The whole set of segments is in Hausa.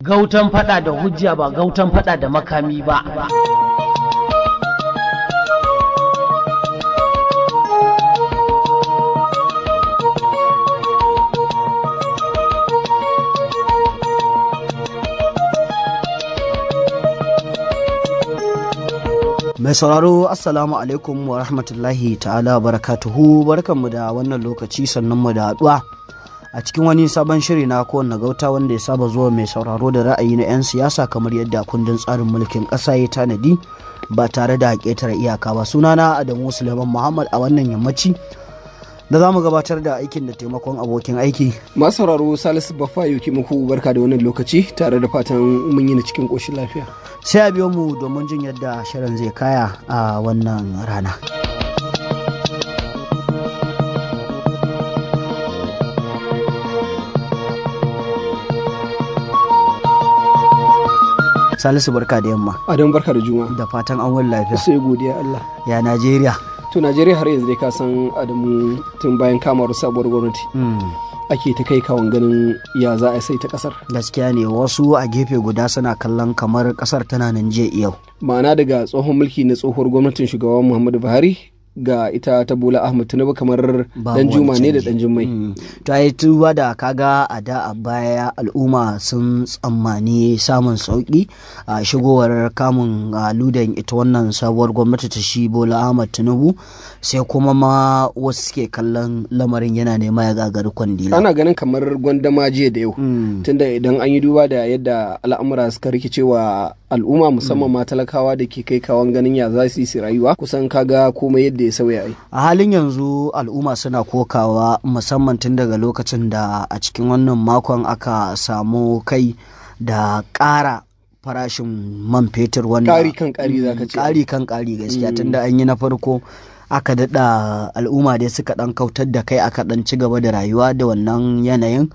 gautan fada da hujja ba gautan fada da makami ba mai sauraro assalamu alaikum wa rahmatullahi ta'ala barakatuhu barkanmu da wannan lokaci sannanmu da haɗuwa a cikin wani sabon shiri na kowanne gauta wanda ya saba zuwa mai sauraro da ra'ayi na 'yan siyasa kamar yadda kundin tsarin mulkin ƙasa ya tanadi ba tare da ƙetare iyaka ba sunana adamu suleiman muhammad a wannan yammaci da za mu gabatar da aikin da taimakon abokin aiki. sauraro Salisu Baffa yuki muku barka da wannan lokaci tare da fatan mun yi na cikin ƙoshin lafiya. Sai a biyo mu domin jin yadda shirin zai kaya a wannan rana. Salisu barka da yamma. Adamu barka da juma. Da fatan an wani lafiya. Sai godiya Allah. Ya Najeriya. To Najeriya har yanzu dai ka san Adamu tun bayan kamar sabuwar gwamnati. Hmm. ake ta kai kawon ganin ya za a sai ta kasar. Gaskiya ne wasu a gefe guda suna kallon kamar kasar tana nan jiya yau. Ma'ana daga tsohon mulki na tsohuwar gwamnatin shugaban Muhammadu Buhari ga ita ta bola ahmad tinubu kamar dan juma ne da dan jummai hmm. to ai tuba da kaga a da a baya al'umma sun tsammani samun sauki a shigowar kamun ludan ita wannan sabuwar gwamnati ta shi bola ahmad tinubu sai kuma ma wasu suke kallon lamarin yana nema ya gagari kwandila ana ganin kamar gwandama jiya da yau hmm. tunda idan an yi duba da yadda al'amura suka rikicewa al'umma musamman mm. ma talakawa da ke kai kawan ganin ya za su yi rayuwa kusan kaga komai yadda ya sauya ai a halin yanzu al'umma suna kokawa musamman tun daga lokacin da a cikin wannan makon aka samu kai da ƙara farashin man fetur wannan ƙari kan ƙari za ka ce ƙari kan ƙari gaskiya mm. tunda an yi na farko aka daɗa al'umma dai suka ɗan kautar da kai aka ɗan ci gaba da rayuwa da wannan yanayin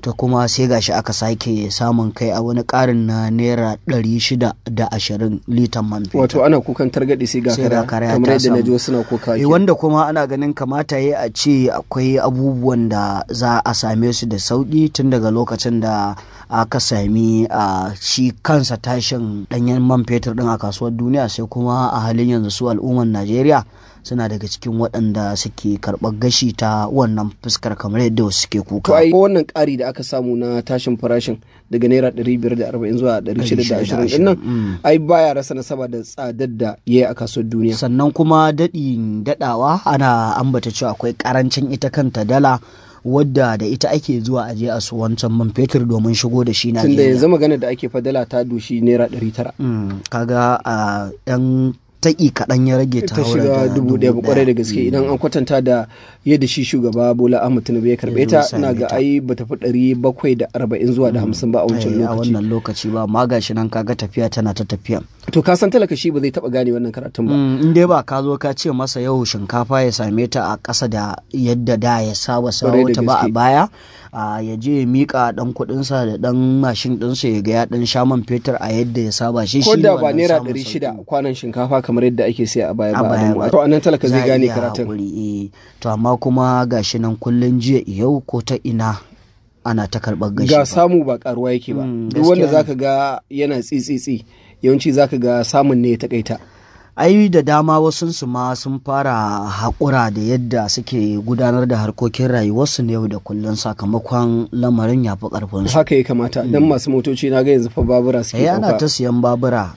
to kuma sai gashi aka sake samun kai a wani karin na naira ɗari shida da ashirin litan man fetur wato ana kukan targaɗe sai ga kara kamar yadda na ji suna kuka e, wanda kuma ana ganin kamata ya a ce akwai abubuwan da za a same su da sauƙi tun daga lokacin da aka sami a shi kansa tashin ɗanyen man fetur ɗin a kasuwar duniya sai kuma a halin yanzu su al'ummar najeriya suna daga cikin waɗanda suke karɓar gashi ta wannan fuskar kamar yadda wasu suke kuka. ko wannan ƙari da aka samu na tashin farashin daga naira ɗari biyar da arba'in zuwa ɗari shida da ashirin ɗin nan ai mm. baya rasa nasaba da tsadar da ya yi a kasuwar duniya. Sannan kuma daɗin daɗawa ana ambata cewa akwai ƙarancin ita kanta dala wadda da ita ake zuwa aje a su wancan man fetur domin shigo da shi na tunda yanzu magana da ake fadala ta dushi naira ɗari tara. Mm, kaga a ah, yan taƙi kaɗan ya rage ta shiga dubu ɗaya ba kwarai da gaske idan an kwatanta da yadda shi shugaba bola ahmad tinubu ya karɓe ta ina ga ai ba tafi ɗari bakwai da arba'in zuwa da mm. hamsin ba a wancan eh, lokaci a wannan lokaci ba ma gashi nan kaga tafiya tana ta tafiya to ka san talaka shi ba zai taɓa gane wannan karatun ba mm, in dai ba ka zo ka ce masa yau shinkafa ya same ta a ƙasa da yadda da ya saba sawo ta ba a baya ya je ya mika dan sa da dan mashin ɗinsa ya ga ya dan sha fetur a yadda ya saba shi shi da ba naira ɗari kwanan shinkafa kamar yadda ake saya a baya ba to anan talaka zai gane karatun eh. to amma kuma gashi nan kullun jiya yau ko ta ina ana ta karbar gashi ga samu ba karuwa yake ba hmm, duk wanda zaka ga yana tsitsitsi yawanci zaka ga samun ne ya takaita ai da dama wasunsu ma sun fara haƙura da yadda suke gudanar da harkokin rayuwarsu na yau da kullum sakamakon lamarin ya fi ƙarfin su haka ya kamata dan hmm. masu motoci na ga yanzu fa babura suke ya eh, na ta siyan babura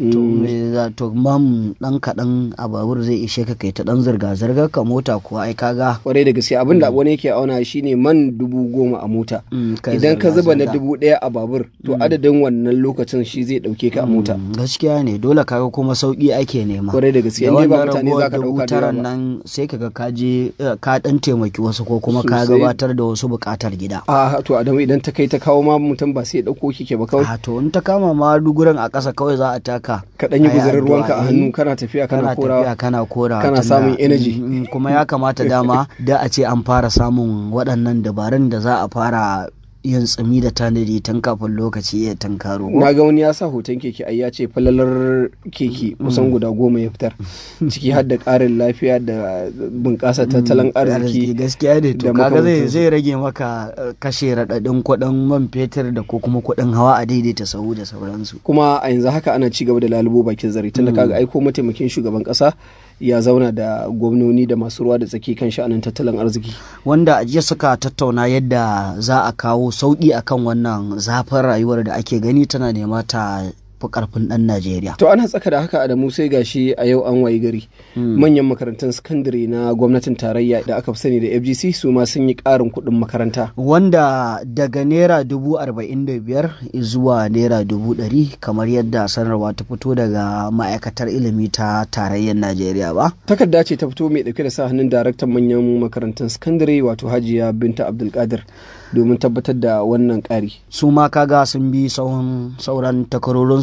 to hmm. mam dan kaɗan a babur zai ishe ka kai ta dan zirga zirgar ka mota kuwa ai kaga kwarai da gaske abin da hmm. wani yake auna shine man dubu goma a mota idan ka zuba na dubu ɗaya a babur to adadin wannan lokacin shi zai ɗauke ka a mota gaskiya ne dole kaga kuma sauki ake nema da gaske inda ba mutane za ka dauka da nan sai kaga ka je eh, ka dan taimaki wasu ko kuma ka gabatar da wasu bukatar gida a to adamu idan ta kai ta kawo ma mutum ba sai ya dauko kike ba kawai a to in ta kama ma duguran a ƙasa kawai za a taka ka dan yi guzarin ruwanka a eh. hannu kana tafiya kana kora kana kora kana samun energy kuma ya kamata dama da a ce an fara samun waɗannan dabarun da za a fara yin tsumi da tanadi tun kafin lokaci ya tankaro na ga wani ya sa hoton keke ai ya ce falalar keke mm. kusan guda goma ya fitar mm. ciki har da ƙarin lafiya da bunƙasa tattalin mm. arziki gaskiya ne to kaga zai zai rage maka eh, kashe raɗaɗin kuɗin man fetur da ko kuma kuɗin hawa a daidaita sahu da sauransu kuma a yanzu haka ana ci gaba da lalubo bakin zari tunda kaga aiko mataimakin shugaban ƙasa ya zauna da gwamnoni da masu ruwa da tsaki kan sha'anin tattalin arziki wanda a jiya suka tattauna yadda za a kawo sauki akan wannan zafin rayuwar da ake gani tana nema ta fi karfin ɗan Najeriya. To ana tsaka da haka Adamu sai gashi a yau an wayi gari. Hmm. Manyan makarantun sakandare na gwamnatin tarayya da aka fi sani da FGC su ma sun yi karin kuɗin makaranta. Wanda daga naira dubu arba'in da biyar zuwa naira dubu ɗari kamar yadda sanarwa ta fito daga ma'aikatar ilimi ta tarayyar Najeriya ba. Takarda ce ta fito mai ɗauke da sa hannun daraktan manyan makarantun sakandare wato Hajiya Binta Abdulkadir. domin tabbatar da wannan kari. su ma kaga sun bi sauran sauran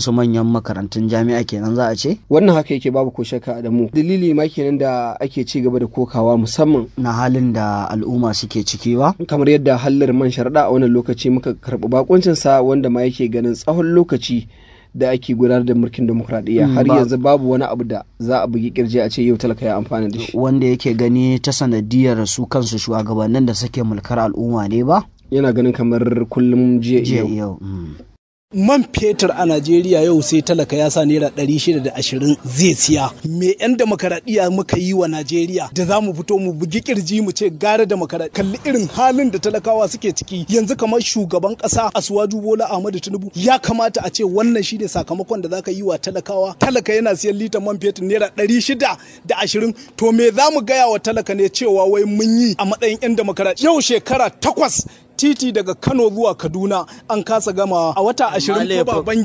su manyan makarantun jami'a kenan za a ce wannan haka yake babu ko shakka da mu dalili ma kenan da ake ci gaba da kokawa musamman na halin da al'umma suke ciki ba kamar yadda hallar man sharaɗa a wannan lokaci muka karɓi bakuncin sa wanda ma yake ganin tsawon lokaci da ake gudanar da mulkin demokuraɗiyya mm, har yanzu babu wani abu da za a bugi kirji a ce yau talaka ya amfana da shi wanda yake gani ta sanadiyar su kansu shugabannin da suke mulkar al'umma ne ba yana ganin kamar kullum jiya yau mm. man fetur a najeriya yau sai talaka ya sa naira ashirin zai siya me yan demokaradiyya muka yi wa najeriya da za mu fito mu bugi kirji mu ce gara demokaradiyya kalli irin halin da talakawa suke ciki yanzu kamar shugaban ƙasa, asuwaju bola ahmadu tinubu ya kamata a ce wannan shi ne sakamakon da za ka yi wa talakawa talaka yana siyan litan man fetur naira shida da ashirin. to me za mu gaya wa talaka ne cewa wai mun yi a matsayin yan demokaradiyya yau shekara takwas titi daga Kano zuwa Kaduna an kasa gama a wata ashirin ko baban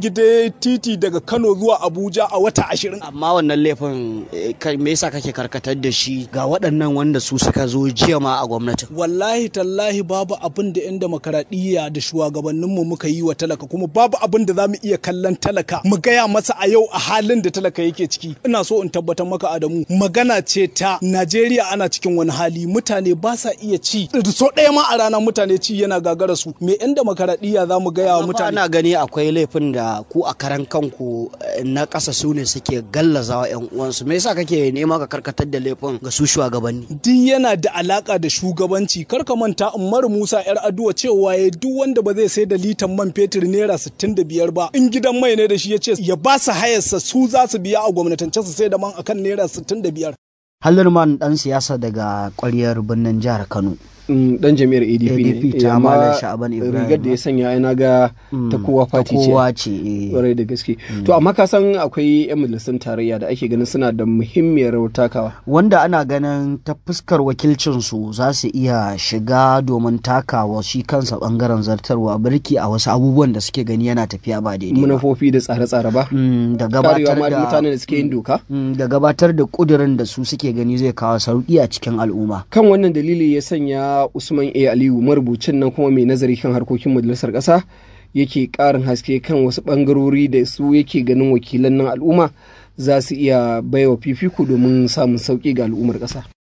titi daga Kano zuwa Abuja a wata ashirin. Amma wannan laifin eh, me yasa kake karkatar da shi ga waɗannan wanda su suka zo jiya ma a gwamnati. Wallahi tallahi babu abin da 'yan demokaradiyya da shugabannin mu muka yi wa talaka kuma babu abin da zamu iya kallon talaka mu gaya masa a yau a halin da talaka yake ciki. Ina so in tabbatar maka Adamu magana ce ta Najeriya ana cikin wani hali mutane ba sa iya ci. So ɗaya ma a rana mutane ci yana gagara su me yan demokaradiyya za mu gaya wa mutane ana gani akwai laifin da ku a karan kanku eh, na ƙasa su ne suke gallazawa yan uwansu me yasa kake nema ka karkatar da laifin ga su shugabanni duk yana da alaka da shugabanci karka manta Umaru Musa yar aduwa cewa ya duk wanda ba zai sai da litan man fetur naira 65 ba in gidan mai ne da shi ya ce ya ba su hayarsa su za su biya a gwamnatance su sai da man akan naira 65 Halirman ɗan siyasa daga ƙwaryar birnin jihar Kano. Mm, dan jami'ar adp ne ta rigar da ya sanya ya ga mm, ta kowa fati ce eh. kwarai da gaske mm. to amma ka san akwai yan majalisun tarayya da ake ganin suna da muhimmiyar takawa wanda ana ganin ta fuskar wakilcin su za su iya shiga domin takawa shi kansa bangaren zartarwa birki a wasu abubuwan da suke gani yana tafiya ba daidai manufofi da tsare-tsare ba da gabatar da mutanen da suke yin doka da gabatar da kudirin da su suke gani zai kawo sauki a cikin al'umma kan wannan dalili ya sanya usman a aliyu marubucin nan kuma mai nazari kan harkokin majalisar ƙasa yake ƙarin haske kan wasu ɓangarori da su yake ganin wakilan nan al'umma za su iya baiwa fifiko domin samun sauƙi ga al'ummar ƙasa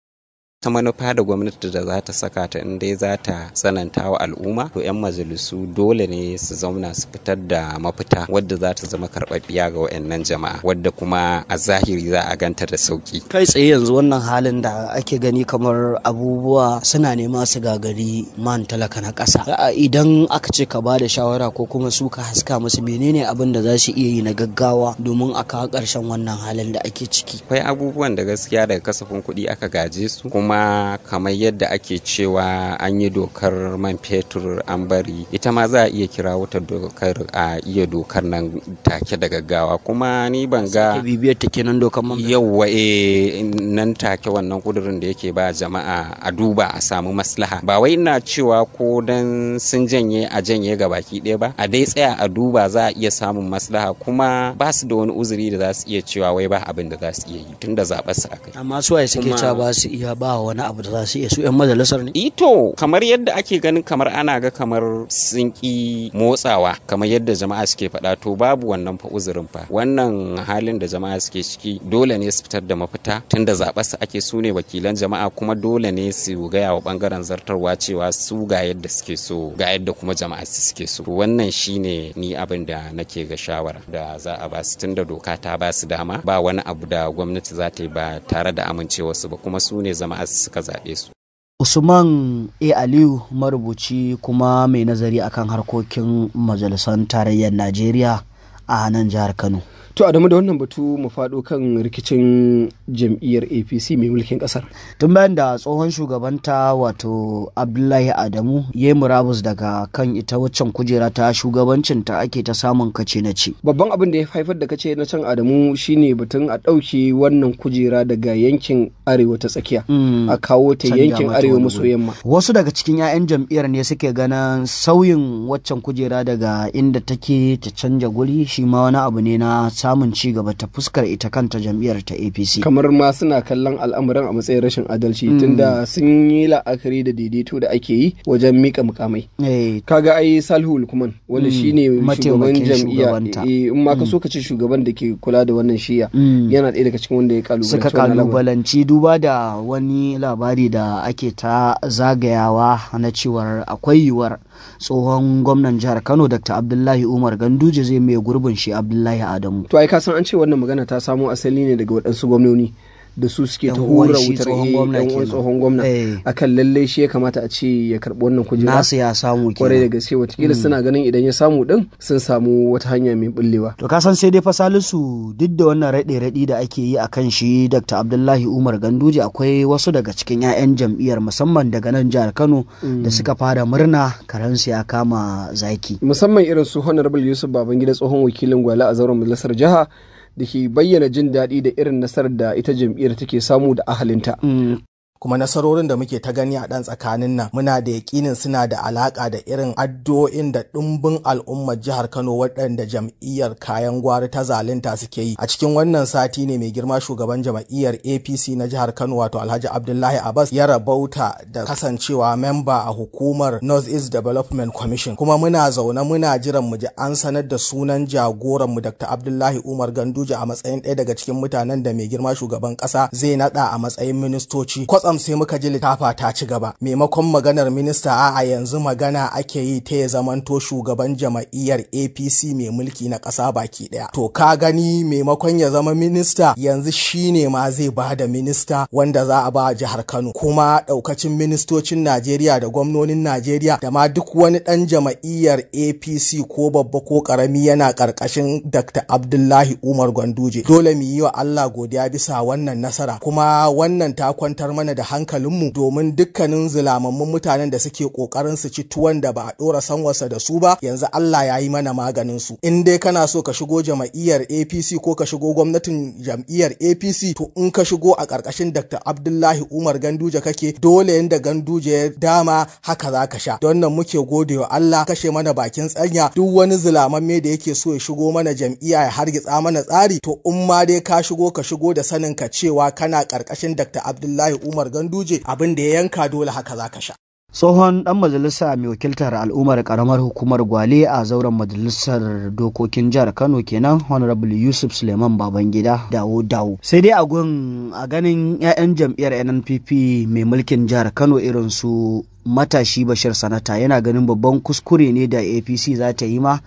ta manufa da gwamnati da za ta saka ta in dai za ta tsananta wa al'umma to 'yan majalisu dole ne su zauna su fitar da mafita wadda za ta zama karɓaɓɓiya ga wayannan jama'a wadda kuma a zahiri za a ganta da sauki kai tsaye yanzu wannan halin da ake gani kamar abubuwa suna nema su gagari man talaka na ƙasa idan aka ce ka ba da shawara ko kuma su ka haska musu menene abin da za su iya yi na gaggawa domin a kawo ƙarshen wannan halin da ake ciki akwai abubuwan da gaskiya daga kasafin kuɗi aka gaje su kuma kuma kamar yadda ake cewa an yi dokar man fetur an bari ita ma za a iya kira wata dokar a iya dokar nan take da gaggawa kuma ni ban ga bibiyar ta kenan dokar man yawwa eh nan take wannan kudurin da yake ba jama'a a duba a samu maslaha ba wai ina cewa ko dan sun janye a janye ga baki ɗaya ba a dai tsaya a duba za a iya samun maslaha kuma ba su da wani uzuri da za su iya cewa wai ba abin da za su iya yi tun da zaɓar su akai amma su waye suke cewa ba su iya ba wani abu da za su iya su 'yan majalisar ne? Ito kamar yadda ake ganin kamar ana ga kamar sinki motsawa kamar yadda jama'a suke faɗa to babu wannan fa uzurin fa wannan halin da jama'a suke ciki dole ne su fitar da mafita tunda zaɓa su ake su ne wakilan jama'a kuma dole ne su gaya wa bangaren zartarwa cewa su ga yadda suke so ga yadda kuma jama'a su suke so wannan shine ni abin da nake ga shawara da za a ba su tunda doka ta ba su dama ba wani abu da gwamnati za ta yi ba tare da amincewa su ba kuma su ne jama'a suka zaɓe su Usman A. Aliyu marubuci kuma mai nazari akan harkokin majalisar tarayyar Najeriya a nan jihar Kano. to adamu da wannan batu mu faɗo kan rikicin jam'iyyar apc mai mulkin ƙasar tun bayan da tsohon shugabanta wato abdullahi adamu ya murabus daga kan ita waccan kujera ta shugabancin ta ake ta samun kace na ce babban abin da ya haifar da kace na can adamu shine batun a ɗauke wannan kujera daga yankin arewa ta tsakiya mm. a kawo ta yankin arewa maso yamma wasu daga cikin 'ya'yan jam'iyyar ne suke ganin sauyin waccan kujera daga inda take ta canja guri shi ma wani abu ne na samun ci gaba ta fuskar ita kanta jam'iyyar ta apc kamar ma suna kallon al'amuran a matsayin rashin adalci hmm. tunda sun yi la'akari da daidaito da ake yi wajen mika mukamai eh. kaga ai salihu lukman wanda hmm. shine shugaban jam'iyya eh, in ma ka hmm. so ka ce shugaban da ke kula da wannan shiya yana ɗaya daga cikin wanda ya kalubalanci suka kalubalanci duba da wani labari da ake ta zagayawa na cewar akwai yiwuwar tsohon gwamnan jihar Kano Dr. Abdullahi Umar Ganduje zai mai gurbin shi Abdullahi Adamu. To ai ka san an ce wannan magana ta samo asali ne daga waɗansu gwamnoni. da su suke ta hura wutar tsohon eh, gwamna eh. kan lallai shi ya kamata a ce ya karɓi wannan kujera nasu ya samu kwarai da gaske watakila suna mm. ganin idan ya samu din sun samu wata hanya mai bullewa to ka san sai dai fasalisu duk da wannan raɗe raɗi da ake yi a kan shi dr abdullahi umar ganduje akwai wasu daga cikin 'ya'yan jam'iyyar musamman daga nan jihar kano da mm. suka fara murna karansu ya kama zaki musamman irin su honorable yusuf babangida tsohon wakilin gwala a zauren majalisar jiha da ke bayyana jin daɗi da irin nasarar da ita jam'iyyar take samu da ahalinta kuma nasarorin da muke ta gani a ɗan tsakanin nan muna da yakinin suna da alaƙa da irin addu'o'in da ɗumbin al'ummar jihar Kano waɗanda jam'iyyar kayan gwari ta zalunta suke yi a cikin wannan sati ne mai girma shugaban jam'iyyar APC na jihar Kano wato Alhaji Abdullahi Abbas ya rabauta da kasancewa memba a hukumar North East Development Commission kuma muna zaune muna jiran mu ji an sanar da sunan jagoran mu Dr. Abdullahi Umar Ganduje a matsayin ɗaya daga cikin mutanen da mai girma shugaban ƙasa zai naɗa a matsayin ministoci kwatsam sai muka ji littafa ta ci gaba maimakon maganar minista a yanzu magana ake yi ta ya zamanto shugaban jama'iyyar apc mai mulki na ƙasa baki ɗaya to ka gani maimakon ya zama minista yanzu shine ma zai ba da minista wanda za a ba jihar kano kuma ɗaukacin ministocin najeriya da gwamnonin najeriya da ma duk wani ɗan jama'iyyar apc ko babba ko ƙarami yana ƙarƙashin dr abdullahi umar gwanduje dole mu yi wa allah godiya bisa wannan nasara kuma wannan ta kwantar mana da da hankalinmu domin dukkanin zulamammun mutanen da suke kokarin su ci tuwon da ba a dora sanwarsa da su ba yanzu Allah ya yi mana maganin su in dai kana so ka shigo jam'iyyar APC ko ka shigo gwamnatin jam'iyyar APC to in ka shigo a ƙarƙashin Dr. Abdullahi Umar Ganduje kake dole yanda Ganduje ya dama haka za ka sha don nan muke gode wa Allah kashe mana bakin tsanya duk wani zulamamme da yake so ya shigo mana jam'iyya ya hargitsa mana tsari to in ma dai ka shigo ka shigo da sanin ka cewa kana ƙarƙashin Dr. Abdullahi Umar ganduje abin da ya yanka dole haka za ka sha tsohon ɗan majalisa mai wakiltar al'ummar karamar hukumar gwale a zauren majalisar dokokin jihar kano kenan honorable yusuf suleiman babangida dawo dawo sai dai a gun a ganin 'ya'yan jam'iyyar nnpp mai mulkin jihar kano irin su matashi bashir sanata yana ganin babban kuskure ne da apc za ta yi ma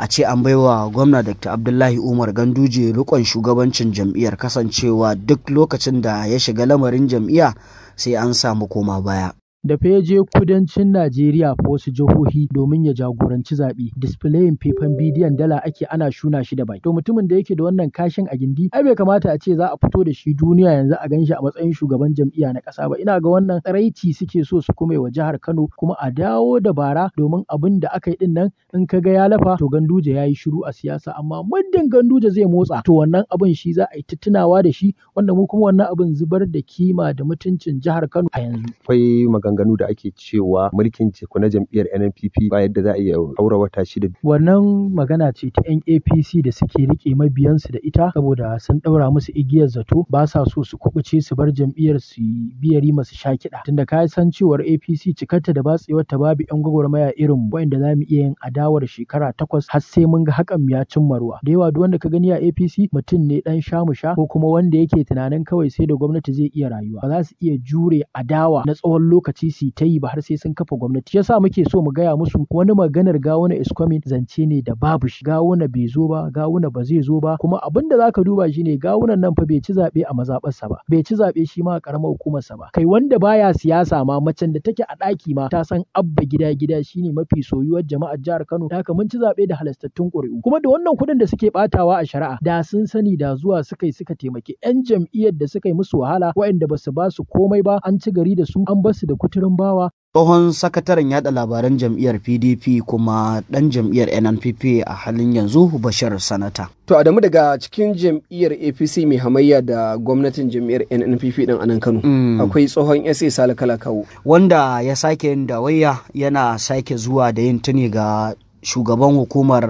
a ce an baiwa gwamna dr abdullahi umar ganduje rikon shugabancin jam'iyyar kasancewa duk lokacin da ya shiga lamarin jam'iyya sai an samu koma baya Dafe ya je kudancin Najeriya ko wasu jihohi domin ya jagoranci zaɓe. Displayin faifan bidiyon dala ake ana shuna shi da baki. To mutumin da yake da wannan kashin a gindi, ai bai kamata a ce za a fito da shi duniya yanzu a shi a matsayin shugaban jam'iyya na ƙasa ba. Ina ga wannan tsiraici suke so su kuma wa jihar Kano kuma a dawo da bara domin abin da aka yi ɗin nan in ka ga ya lafa to Ganduje ya yi shiru a siyasa amma muddin Ganduje zai motsa to wannan abin shi za a yi ta da shi wanda mu kuma wannan abin zubar da kima da mutuncin jihar Kano a yanzu. Akwai magana maganganu da ake cewa mulkin ceku na jam'iyyar NNPP ba yadda za a iya aura wata shida. Wannan magana ce ta 'yan APC da suke rike mabiyansu da ita saboda sun ɗaura musu igiyar zato ba sa so su kubuce su bar jam'iyyar su biyari masu sha kiɗa. Tunda ka san cewar APC cikarta da batsewar ta babu 'yan gwagwarmaya irin waɗanda za mu iya yin adawar shekara takwas har sai mun ga hakan ya cimma ruwa. Da yawa duk wanda ka gani a APC mutum ne ɗan sha. ko kuma wanda yake tunanin kawai sai da gwamnati zai iya rayuwa. Ba za su iya jure adawa na tsawon lokaci gwamnati su ta yi ba har sai sun kafa gwamnati yasa muke so mu gaya musu wani maganar gawuna iskomin zance ne da babu shi gawuna bai zo ba gawuna ba zai zo ba kuma abin da zaka duba shi shine gawunan nan fa bai ci zaɓe a mazabarsa ba bai ci zaɓe shi ma a karamar sa ba kai wanda baya siyasa ma macen da take a daki ma ta san abba gida gida shine mafi soyuwar jama'ar jihar Kano haka mun ci zaɓe da halastattun ƙuri'u kuma da wannan kuɗin da suke batawa a shari'a da sun sani da zuwa suka yi suka taimaki 'yan jam'iyyar da suka yi musu wahala waɗanda ba su komai ba an ci gari da su an basu da kuɗi kuturin tsohon sakataren yada labaran jam'iyyar pdp kuma ɗan jam'iyyar nnpp a halin yanzu bashir sanata to adamu daga cikin jam'iyyar apc mai hamayya da gwamnatin jam'iyyar nnpp ɗin anan kano mm. akwai tsohon sa sale kawo. wanda ya sake yin dawayya yana sake zuwa da yin tuni ga shugaban hukumar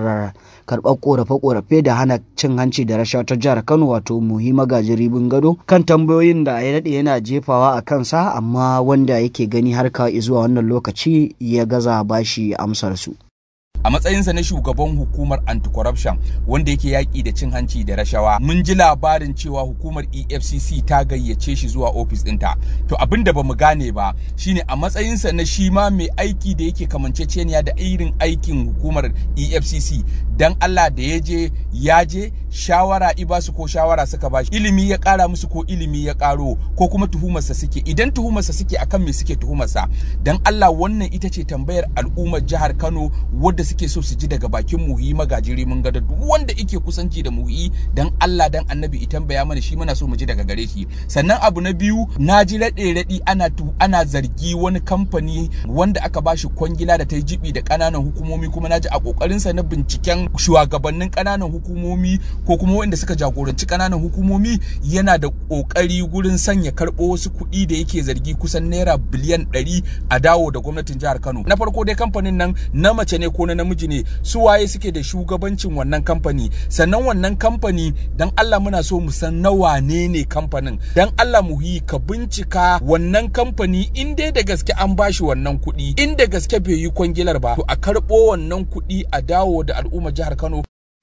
karɓar korafe-korafe da hana cin hanci da rashawa ta jihar kano wato muhimma ribin gado kan tambayoyin da ya daɗe yana jefawa a kansa amma wanda yake gani har ka zuwa wannan lokaci ya gaza bashi amsar su. a matsayinsa na shugaban hukumar anti-corruption wanda yake yaƙi da cin hanci da rashawa mun ji labarin cewa hukumar efcc ta gayyace shi zuwa ofis ɗinta to abin da bamu gane ba shine a matsayinsa na shi ma mai aiki da yake kamanceceniya da irin aikin hukumar efcc dan allah da ya je ya je shawara i basu ko shawara suka bashi ilimi ya ƙara musu ko ilimi ya ƙaro ko kuma tuhumarsa suke idan tuhumarsa suke akan me suke tuhumarsa dan allah wannan ita ce tambayar al'ummar jihar kano wadda suke so su ji daga bakin muhi Magaji mun ga duk wanda yake kusanci da muhi dan Allah dan annabi itan baya mana shi muna so mu ji daga gare shi sannan abu na biyu na ji rade radi ana tu ana zargi wani kamfani wanda aka bashi kwangila da ta yi jibi da kananan hukumomi kuma na ji a kokarin sa na binciken shugabannin kananan hukumomi ko kuma wanda suka jagoranci kananan hukumomi yana da kokari gurin sanya karbo wasu kuɗi da yake zargi kusan naira biliyan 100 a dawo da gwamnatin jihar Kano na farko dai kamfanin nan na mace ne ko na namiji ne su waye suke da shugabancin wannan kamfani sannan wannan kamfani dan Allah muna so mu san nawa ne ne kamfanin dan Allah mu yi ka bincika wannan kamfani in dai da gaske an bashi wannan kuɗi in da gaske bai yi kwangilar ba to a karɓo wannan kuɗi a dawo da al'ummar jihar Kano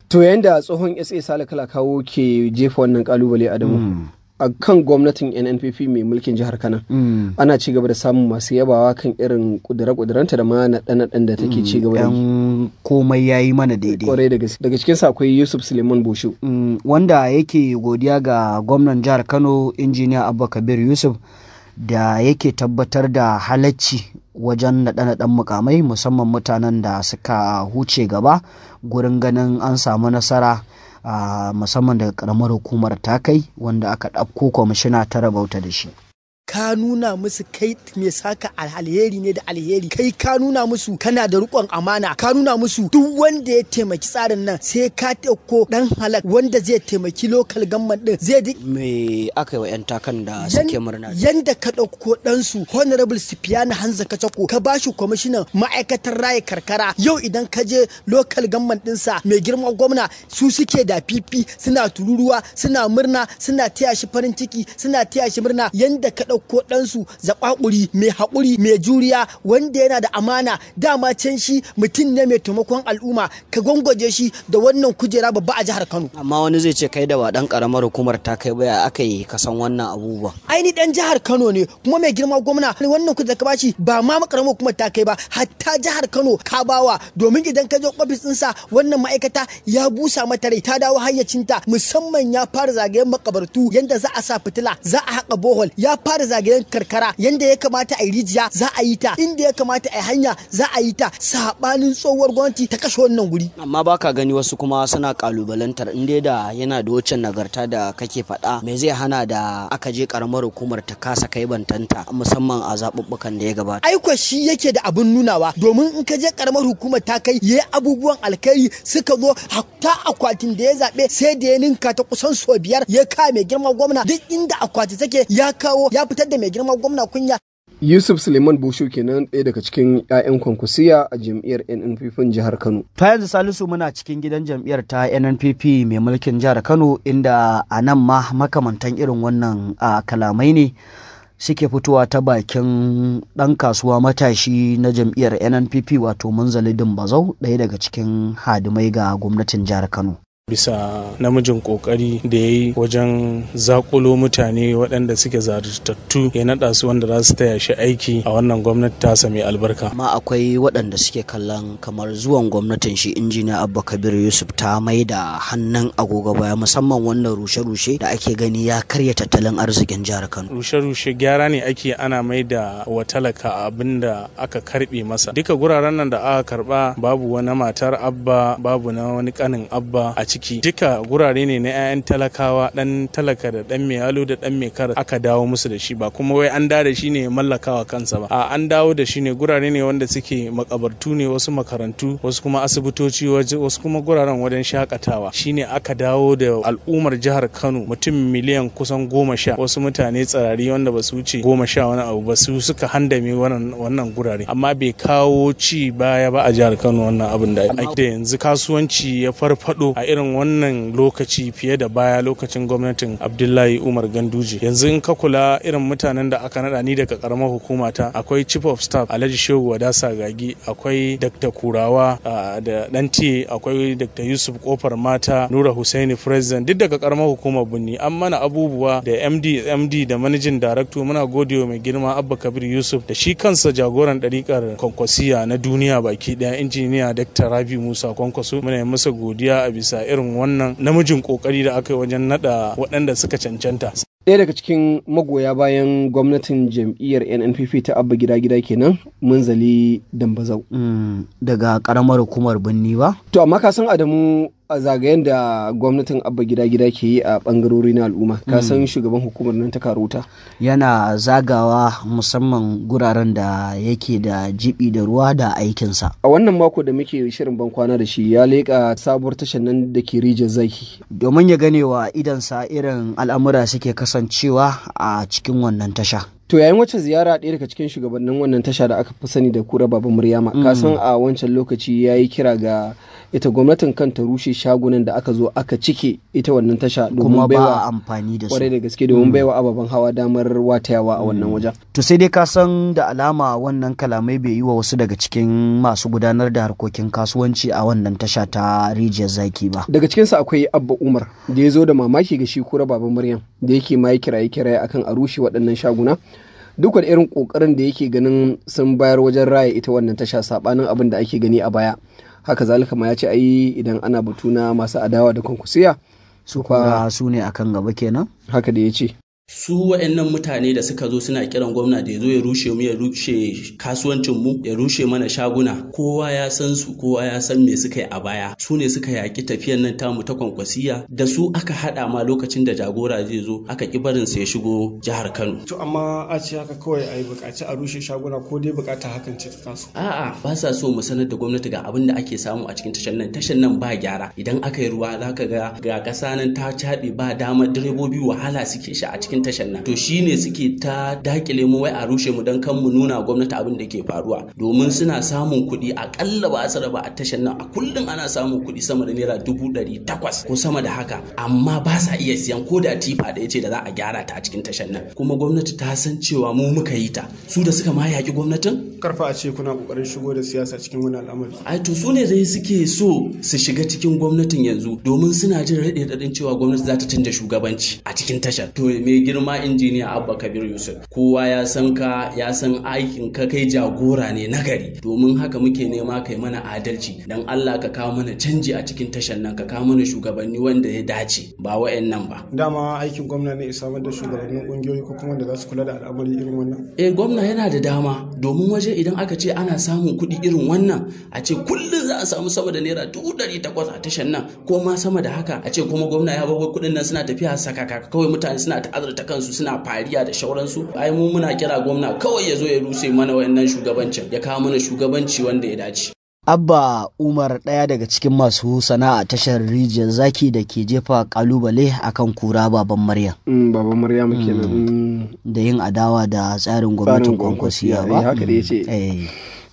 to yanda tsohon SA Sale kawo ke jefa wannan kalubale Adamu hmm. a kan gwamnatin nnpp mai mulkin jihar kano mm. ana ci gaba da samun masu yabawa kan irin kudura-kuduranta da ma naɗe-naɗen da take ci gaba da mm. komai ya yi mana daidai kwarai daga cikin sa akwai yusuf suleiman boshu mm. wanda yake godiya ga gwamnan jihar kano injiniya abba kabir yusuf da yake tabbatar da halacci wajen naɗe-naɗen mukamai musamman mutanen da suka huce gaba gurin ganin an samu nasara musamman daga karamar hukumar ta kai wanda aka ɗauko kwamishina ta rabauta da shi ka nuna musu kai mai saka alheri ne da alheri kai ka nuna musu kana da rikon amana ka nuna musu duk wanda ya taimaki tsarin nan sai ka ɗauko dan halak wanda zai taimaki lokal gamman din zai di me aka yi wa 'yan takan da suke murna yanda ka ɗauko ɗansu honorable sufiyana hanza kacako ka shi kwamishinan ma'aikatar raya karkara yau idan ka je lokal gamman sa mai girma gwamna su suke da fifi suna tururuwa suna murna suna taya shi farin ciki suna taya shi murna yanda ka ɗauko ɗansu zaƙwaƙuri mai haƙuri mai juriya wanda yana da amana dama can shi mutum ne mai taimakon al'umma ka gwangwaje shi da wannan kujera babba a jihar Kano. Amma wani zai ce kai da ba ɗan ƙaramar hukumar ta kai baya aka yi ka san wannan abubuwa. Aini ɗan jihar Kano ne kuma mai girma gwamna wannan kuje ka bashi ba ma ƙaramar hukumar ta kai ba hatta jihar Kano ka bawa domin idan ka je ofis ɗinsa wannan ma'aikata ya busa mata rai ta dawo hayyacinta musamman ya fara zagayen makabartu yadda za a sa fitila za a haƙa bohol ya fara zagayen karkara yanda ya kamata a yi rijiya za a yi ta inda ya kamata a yi hanya za a yi ta sabanin tsohuwar gwamnati ta kashe wannan guri amma baka gani wasu kuma suna kalubalantar inda da yana da waccan nagarta da kake faɗa me zai hana da aka je karamar hukumar ta kasa kai bantanta musamman a zaɓuɓɓukan da ya gabata ko shi yake da abin nunawa domin in ka je karamar hukumar ta kai yayi abubuwan alkairi suka zo hatta akwatin da ya zaɓe sai da ya ninka ta kusan so biyar ya mai girma gwamna duk inda akwati take ya kawo ya fi fitar da mai girma gwamna kunya Yusuf Suleiman Bushu kenan ɗaya daga cikin 'ya'yan kwankwasiya a jam'iyyar NNPP jihar Kano. Ta yanzu Salisu muna cikin gidan jam'iyyar ta NNPP mai mulkin jihar Kano inda a nan ma makamantan irin wannan a kalamai ne suke fitowa ta bakin ɗan kasuwa matashi na jam'iyyar NNPP wato Munzalidin Bazau ɗaya daga cikin hadimai ga gwamnatin jihar Kano. bisa namijin kokari da ya yi wajen zakulo mutane waɗanda suke zartattu ya naɗa su wanda za su taya shi aiki a wannan gwamnati tasa mai albarka. amma akwai waɗanda suke kallon kamar zuwan gwamnatin shi injiniya abba kabir yusuf ta mai da hannun agogo baya musamman wannan rushe-rushe da ake gani ya karya tattalin arzikin jihar kano. rushe-rushe gyara ne ake ana mai da wa talaka abin da aka karɓe masa duka guraren nan da aka karɓa babu wani matar abba babu na wani kanin abba a ciki duka gurare ne na 'ya'yan talakawa dan talaka da dan mai da dan mai kar aka dawo musu da shi ba kuma wai an da shi ne mallakawa kansa ba a an dawo da shi ne gurare ne wanda suke makabartu ne wasu makarantu wasu kuma asibitoci wasu kuma guraren wajen shakatawa shine aka dawo da al'ummar jihar Kano mutum miliyan kusan goma sha wasu mutane tsirari wanda ba su wuce goma sha wani abu ba su suka handame wannan gurare amma bai kawo ci baya ba a jihar Kano wannan abin da yanzu kasuwanci ya farfado a irin irin wannan lokaci fiye da baya lokacin gwamnatin abdullahi umar ganduje yanzu in ka kula irin mutanen da aka naɗa ni daga karamar hukuma ta akwai chief of staff alhaji shehu wadasa gagi akwai dr kurawa da danti akwai dr yusuf kofar mata nura husaini president duk daga karamar hukumar binni an mana abubuwa da md md da managing director muna godewa mai girma abba kabir yusuf da shi kansa jagoran ɗarikar kwankwasiya na duniya baki ɗaya injiniya dr rabi musa kwankwaso muna yi masa godiya a bisa irin wannan namijin kokari da aka yi wajen nada waɗanda suka cancanta ɗaya daga cikin magoya bayan gwamnatin jam'iyyar nnpp ta abba gida gida kenan munzali dambazau mm, daga karamar hukumar birni ba to amma ka san adamu a zagayen da gwamnatin abba gida gida ke yi a bangarori na al'umma ka san hmm. shugaban hukumar nan ta karuta yana zagawa musamman guraren da yake da jibi da ruwa da aikinsa a wannan mako da muke shirin ban kwana da shi ya leƙa sabuwar tashar nan da ke rijiyar zaki domin ya gane wa idansa irin al'amura suke kasancewa a cikin wannan tasha To yayin wacce ziyara ɗaya daga cikin shugabannin wannan tasha da aka fi sani da kura baban Muryama. ka hmm. san a wancan lokaci ya yi kira ga ita gwamnatin kan ta rushe shagunan da aka zo aka cike ita wannan tasha domin baiwa amfani da su kwarai da gaske domin mm. baiwa ababen hawa damar watayawa a wannan mm. wajen to sai dai ka san da alama wannan kalamai bai yi wa wasu daga cikin masu gudanar da harkokin kasuwanci a wannan tasha ta rijiyar zaki ba daga cikin sa akwai abba umar da ya zo da mamaki ga shi kura baban maryam da yake ma ya kiraye kiraye akan a rushe waɗannan shaguna duk wani irin kokarin da yake ganin sun bayar wajen raya ita wannan tasha sabanin abin da ake gani a baya haka zalika ma ya ce ai idan ana batu na masu adawa da kwankwasiya su fa su ne akan gaba kenan haka da ya ce su wa'annan mutane da suka zo suna kiran gwamna da ya zo ya rushe mu ya rushe kasuwancin mu ya rushe mana shaguna kowa ya san su kowa ya san me suka yi a baya su ne suka yaki tafiyan nan tamu ta kwankwasiya da su aka haɗa ma lokacin da jagora zai zo aka ki barin sa ya shigo jihar Kano to amma a ce haka kawai ai bukaci a rushe shaguna ko dai bukata hakan ce ta a'a ba sa so mu sanar da gwamnati ga abin da ake samu a cikin tashar nan tashar nan ba gyara idan aka yi ruwa zaka ga ga ƙasa nan ta caɓe ba dama direbobi wahala suke shi a cikin bakin tashar nan to shine suke ta dakile mu wai a rushe mu dan kan mu nuna gwamnati abin da ke faruwa domin suna samun kuɗi akalla ba su raba a tashan nan a kullum ana samun kuɗi sama da naira dubu ɗari takwas ko sama da haka amma ba sa iya siyan ko da tifa da yace da za a gyara ta a cikin tashar nan kuma gwamnati ta san cewa mu muka yi ta su da suka ma yaki gwamnatin karfa a ce kuna kokarin shigo da siyasa cikin wani al'amari ai to su ne dai suke so su shiga cikin gwamnatin yanzu domin suna jin raɗe daɗin cewa gwamnati za ta canja shugabanci a cikin tashar to me girma injiniya abba kabir yusuf kowa ya san ka ya san aikin ka kai jagora ne na gari domin haka muke nema kai mana adalci dan allah ka kawo mana canji a cikin tashan nan ka kawo mana shugabanni wanda ya dace ba nan ba dama aikin gwamna ne samar da shugabannin kungiyoyi ko kuma da za su kula da al'amari irin wannan eh gwamna yana da dama domin waje idan aka ce ana samun kuɗi irin wannan a ce kullum a samu sama da naira dubu ɗari takwas a tashan nan ko ma sama da haka a ce kuma gwamna ya bawa kuɗin nan suna tafiya sakaka kawai mutane suna ta'azarta kansu suna fariya da shauransu ai mu muna kira gwamna kawai ya zo ya rushe mana wayannan shugabancin ya kawo mana shugabanci wanda ya dace Abba Umar ɗaya daga cikin masu sana'a tashar rijiyar zaki da ke jefa kalubale akan kura baban Maryam. Mm, baban muke mm. Da yin adawa da tsarin gwamnatin kwankwasiya ba. Eh, haka da ya ce. Mm. Eh.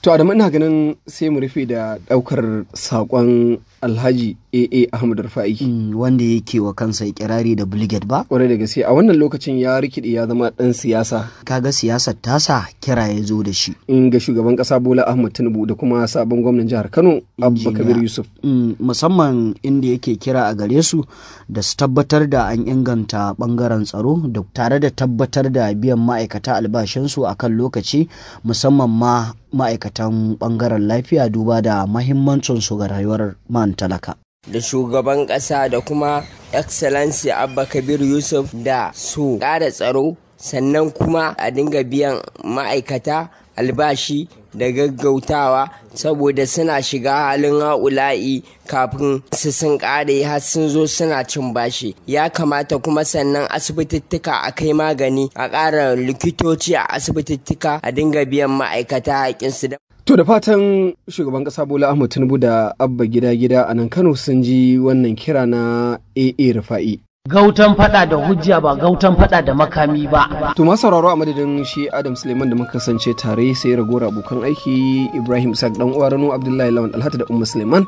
To Adamu ina ganin sai mu rufe da ɗaukar saƙon alhaji aa ahmad rufa'i hmm, wanda yake wa kansa kirari da bulget ba kwarai da gaske a wannan lokacin ya rikide ya zama dan siyasa kaga siyasar tasa kira ya zo da shi in ga shugaban kasa bola ahmad tinubu da kuma sabon gwamnan jihar kano abba kabir yusuf hmm, musamman inda yake kira a gare su da su tabbatar da an inganta bangaren tsaro da tare da tabbatar da biyan ma'aikata albashinsu a kan lokaci musamman ma ma'aikatan bangaren lafiya duba da mahimmancin su ga rayuwar man kan talaka da shugaban ƙasa da kuma excellency abba kabir yusuf da su ƙara tsaro sannan kuma a dinga biyan ma'aikata albashi da gaggautawa saboda suna shiga halin ha'ula'i kafin su sun ƙare har sun zo suna cin bashi ya kamata kuma sannan asibitittuka a kai magani a ƙara likitoci a asibitittuka a dinga biyan ma'aikata haƙinsu To da fatan shugaban kasa Bola Ahmed Tinubu da Abba Gida Gida a nan Kano sun ji wannan kira na AA Rufa'i. Gautan fada da hujja ba gautan fada da makami ba. To masu sauraro a madadin shi Adam Suleiman da muka kasance tare sai ragora abokan aiki Ibrahim Sak dan uwa Rano Abdullahi Lawan Alhata da Umma Suleiman.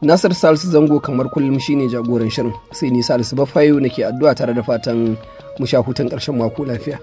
Nasir Salisu Zango kamar kullum shine jagoran shirin sai ni Salisu Bafayo nake addu'a tare da fatan mu sha hutun karshen mako lafiya.